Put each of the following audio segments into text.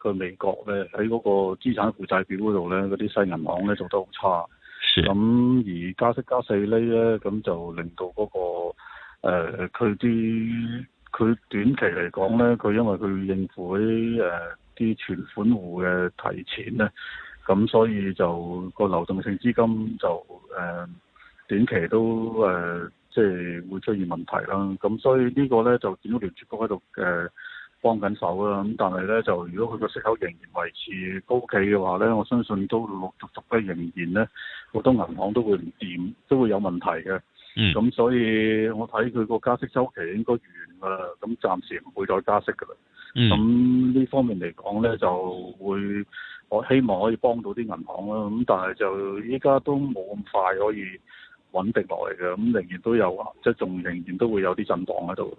佢美國咧喺嗰個資產負債表嗰度咧，嗰啲細銀行咧做得好差，咁而加息加四厘咧，咁就令到嗰、那個佢啲佢短期嚟講咧，佢因為佢應付嗰啲啲存款戶嘅提錢咧，咁所以就個流動性資金就誒、呃、短期都誒、呃、即係會出現問題啦。咁所以這個呢個咧就見到聯儲局喺度誒。呃幫緊手啦，咁但係咧就如果佢個息口仍然維持高企嘅話咧，我相信都陸陸續續咧仍然咧，好多銀行都會唔掂，都會有問題嘅。嗯。咁所以，我睇佢個加息周期應該完啦，咁暫時唔會再加息㗎啦。嗯。咁呢方面嚟講咧，就會我希望可以幫到啲銀行啦，咁但係就依家都冇咁快可以穩定落嚟㗎，咁、嗯、仍然都有啊，即仲仍然都會有啲震盪喺度。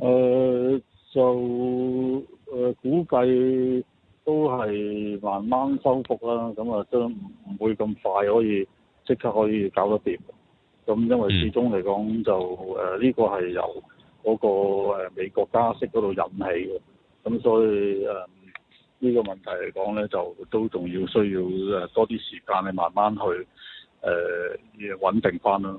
誒、呃、就誒、呃、估計都係慢慢收復啦，咁啊都唔會咁快可以即刻可以搞得掂。咁因為始終嚟講就誒呢、呃這個係由嗰個美國加息嗰度引起嘅，咁所以誒呢、呃這個問題嚟講咧就都仲要需要多啲時間去慢慢去誒、呃、穩定翻啦。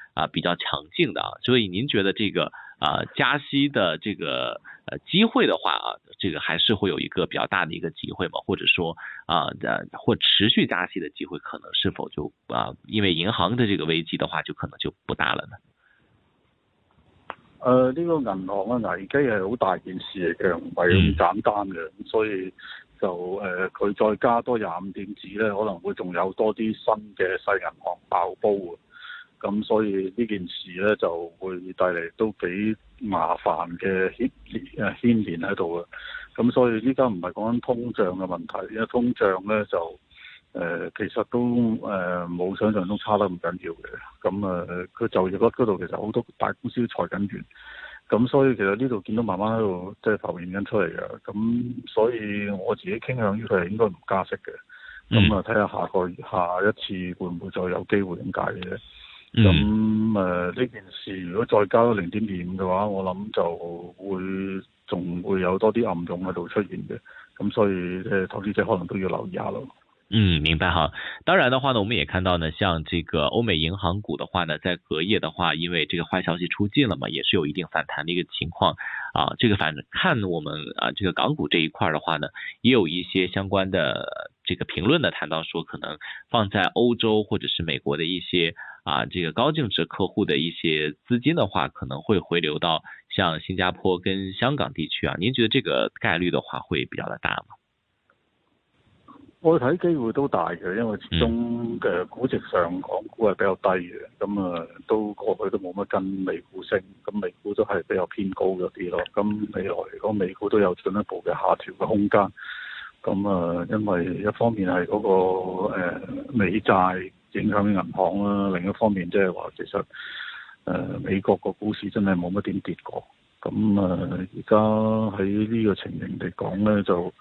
啊，比較強勁的、啊，所以您覺得這個啊加息的這個呃機、啊、會的話啊，這個還是會有一個比較大的一個機會嘛？或者說啊，或、啊、持續加息的機會可能是否就啊，因為銀行的這個危機的話，就可能就不大了呢？呃呢、這個銀行嘅危機係好大件事嚟嘅，唔係咁簡單嘅，所以就誒，佢、呃、再加多廿五點子咧，可能會仲有多啲新嘅細銀行爆煲啊。咁所以呢件事咧就會帶嚟都幾麻煩嘅牽連誒牽連喺度啊！咁所以依家唔係講緊通脹嘅問題，因為通脹咧就、呃、其實都誒冇、呃、想象中差得咁緊要嘅。咁誒佢就業率嗰度其實好多大公司都裁緊員，咁所以其實呢度見到慢慢喺度即係浮現緊出嚟嘅。咁所以我自己傾向於佢係應該唔加息嘅。咁啊，睇下下個月下一次會唔會再有機會咁解嘅。咁誒呢件事如果再加零點二五嘅話，我諗就會仲會有多啲暗湧喺度出現嘅，咁、嗯、所以即係投資者可能都要留意下咯。嗯，明白哈。當然的話呢，我們也看到呢，像這個歐美銀行股的話呢，在隔夜的話，因為這個壞消息出盡了嘛，也是有一定反彈嘅一個情況啊。這個反看我們啊，這個港股這一塊嘅話呢，也有一些相關的這個評論呢，談到，說可能放在歐洲或者是美國的一些。啊，這個高淨值客戶的一些資金的話，可能會回流到像新加坡跟香港地區啊，您覺得這個概率的話會比較大嗎？我睇機會都大嘅，因為始終嘅估值上，港股係比較低嘅，咁、嗯、啊都過去都冇乜跟美股升，咁美股都係比較偏高嗰啲咯，咁未來如果美股都有進一步嘅下調嘅空間，咁啊因為一方面係嗰、嗰個誒、呃、美債。影響啲銀行啦、啊，另一方面即係話，其實誒美國個股市真係冇乜點跌過。咁誒而家喺呢個情形嚟講咧，就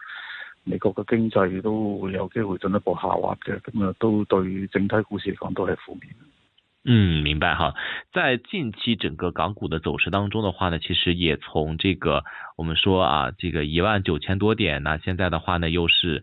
美國嘅經濟都會有機會進一步下滑嘅。咁誒都對整體股市嚟講都係負面。嗯，明白哈。在近期整個港股嘅走勢當中的話呢，其實也從這個，我們說啊，這個一萬九千多點，那現在的話呢又是。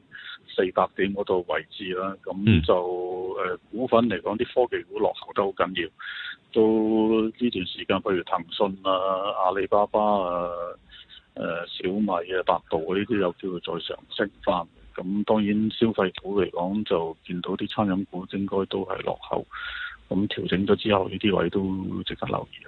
四百點嗰度位置啦，咁就、嗯、股份嚟講，啲科技股落後都好緊要。都呢段時間，譬如騰訊啊、阿里巴巴啊、啊小米啊、百度啊呢啲，有機會再上升翻。咁當然消費股嚟講，就見到啲餐飲股應該都係落後。咁調整咗之後，呢啲位都值得留意。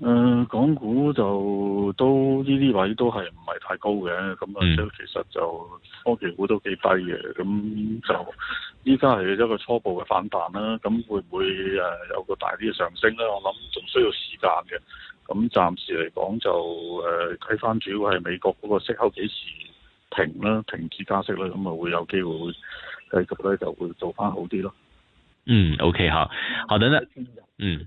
誒、呃，港股就都呢啲位都係唔係太高嘅，咁啊，所以其實就科技、嗯、股都幾低嘅，咁就依家係一個初步嘅反彈啦。咁會唔會誒、呃、有個大啲嘅上升咧？我諗仲需要時間嘅。咁暫時嚟講就誒睇翻主要係美國嗰個息口幾時停啦，停止加息咧，咁啊會有機會誒繼續咧就會做翻好啲咯。嗯，OK 吓，好的啦，嗯。Okay,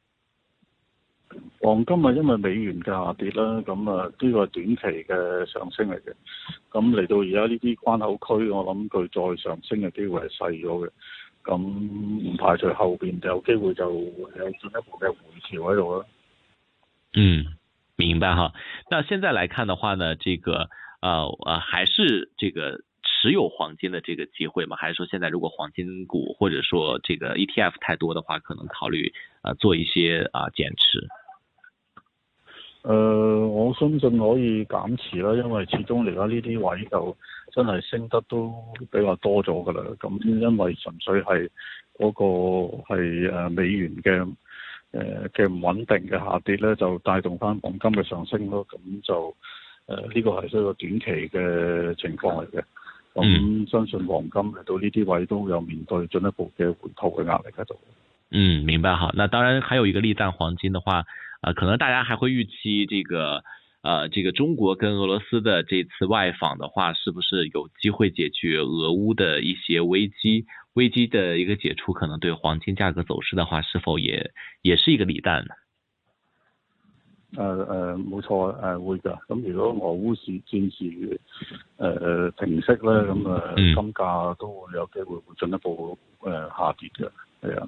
黃金啊，因為美元的下跌啦，咁啊呢個短期嘅上升嚟嘅，咁嚟到而家呢啲關口區，我諗佢再上升嘅機會係細咗嘅，咁唔排除後邊就有機會就有進一步嘅回調喺度啦。嗯，明白哈。那現在來看的話呢，這個啊啊、呃，還是這個持有黃金的這個機會嗎？還是說現在如果黃金股或者說這個 ETF 太多的話，可能考慮啊、呃、做一些啊減、呃、持？誒、呃，我相信可以減持啦，因為始終嚟講呢啲位就真係升得都比較多咗㗎啦。咁因為純粹係嗰個係美元嘅嘅唔穩定嘅下跌咧，就帶動翻黃金嘅上升咯。咁就誒呢、呃這個係一個短期嘅情況嚟嘅。咁相信黃金嚟到呢啲位都有面對進一步嘅回吐嘅壓力喺度。嗯，明白哈。嗱，當然，還有一個利淡黃金嘅話。啊、呃，可能大家還會預期這個，呃，這個中國跟俄羅斯的這次外訪的話，是不是有機會解決俄烏的一些危機？危機的一個解除，可能對黃金價格走勢的話，是否也也是一個利淡呢？呃呃冇錯，誒、呃、會噶，咁如果俄烏是戰事誒平息咧，咁、呃、啊、呃嗯、金價都會有機會會進一步誒、呃、下跌嘅，係啊。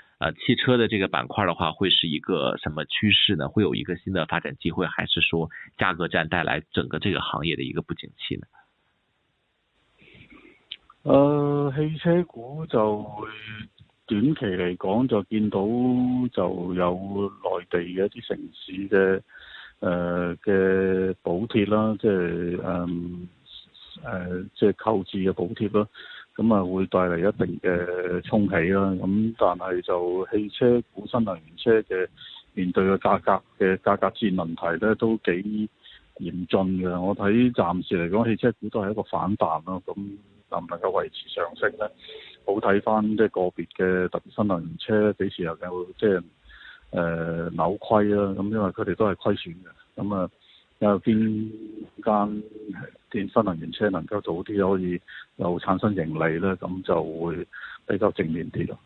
呃，汽車的這個板塊的話，會是一個什麼趨勢呢？會有一個新的發展機會，還是說價格戰帶來整個這個行業的一個不景氣呢？呃，汽車股就短期嚟講，就見到就有內地嘅一啲城市嘅，誒嘅補貼啦，即係嗯，誒、呃、即係購置嘅補貼啦。咁啊，會帶嚟一定嘅沖喜啦。咁但係就汽車股新能源車嘅面對嘅價格嘅價格戰問題咧，都幾嚴峻嘅。我睇暫時嚟講，汽車股都係一個反彈咯、啊。咁能唔能夠維持上升咧？好睇翻即係個別嘅特別新能源車幾時又有即係誒扭虧啦、啊。咁因為佢哋都係虧損嘅。咁啊～有邊間電新能源車能夠早啲可以又產生盈利咧，咁就會比較正面啲咯。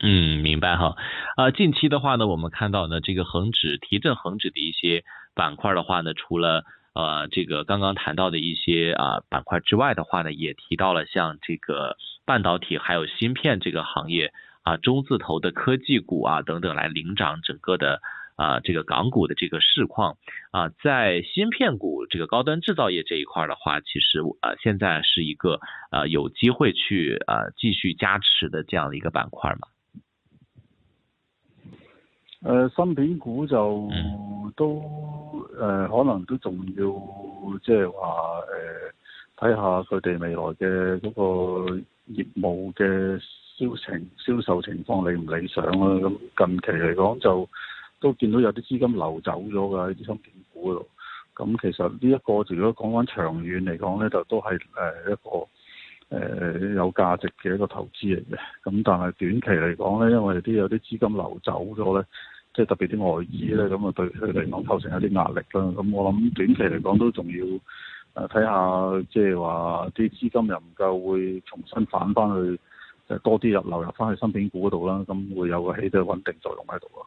嗯，明白哈。啊，近期的話呢，我們看到呢，這個恒指提振恒指的一些板塊的話呢，除了啊這個剛剛談到的一些啊板塊之外的話呢，也提到了像這個半導體、還有芯片這個行業啊，中字頭的科技股啊等等來領漲整個的。啊，這個、港股的這個市況啊，在芯片股這個高端製造業這一塊的話，其實啊，現在是一個啊有機會去啊繼續加持的這樣的一個板塊嘛。誒、呃，芯片股就都誒、呃，可能都仲要即係話誒，睇下佢哋未來嘅嗰個業務嘅銷情銷售情況理唔理想啦、啊。咁近期嚟講就。都見到有啲資金流走咗㗎，喺啲芯片股嗰度。咁其實呢、這、一個，如果講翻長遠嚟講咧，就都係一個、呃、有價值嘅一個投資嚟嘅。咁但係短期嚟講咧，因為啲有啲資金流走咗咧，即係特別啲外資咧，咁啊，對佢嚟講構成一啲壓力啦。咁我諗短期嚟講都仲要睇下，即係話啲資金又唔夠，會重新返翻去、就是、多啲入流入翻去芯片股嗰度啦。咁會有個起到穩定作用喺度咯。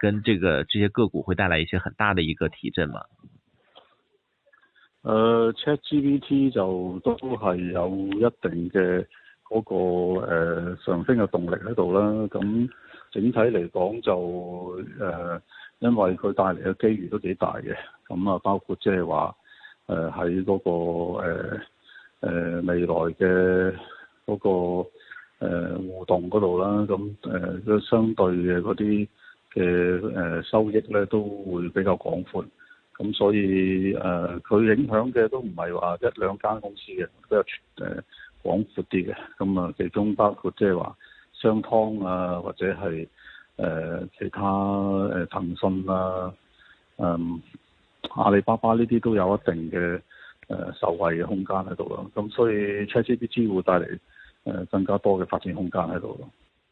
跟這個這些個股會帶來一些很大的一個提振嘛？誒、呃、，ChatGPT 就都係有一定嘅嗰、那個誒、呃、上升嘅動力喺度啦。咁整體嚟講就誒、呃，因為佢帶嚟嘅機遇都幾大嘅。咁啊，包括即係話誒喺嗰個誒誒、呃呃、未來嘅嗰、那個誒、呃、互動嗰度啦。咁誒、呃，相對嘅嗰啲嘅誒收益咧都會比較廣闊，咁所以誒佢影響嘅都唔係話一兩間公司嘅，比較全誒廣闊啲嘅，咁啊，其中包括即係話商湯啊，或者係誒其他誒騰訊啊，嗯、啊、阿里巴巴呢啲都有一定嘅誒受惠嘅空間喺度咯，咁所以 ChatGPT 會帶嚟誒更加多嘅發展空間喺度咯。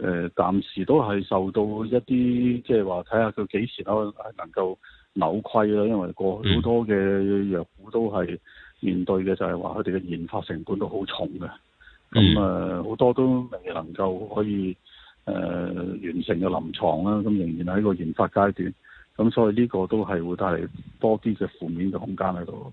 誒、呃，暫時都係受到一啲，即係話睇下佢幾時可能夠扭虧啦。因為過去好多嘅藥股都係面對嘅就係話，佢哋嘅研發成本都好重嘅。咁誒，好、呃、多都未能夠可以誒、呃、完成嘅臨床啦。咁仍然係喺個研發階段。咁所以呢個都係會帶嚟多啲嘅負面嘅空間喺度。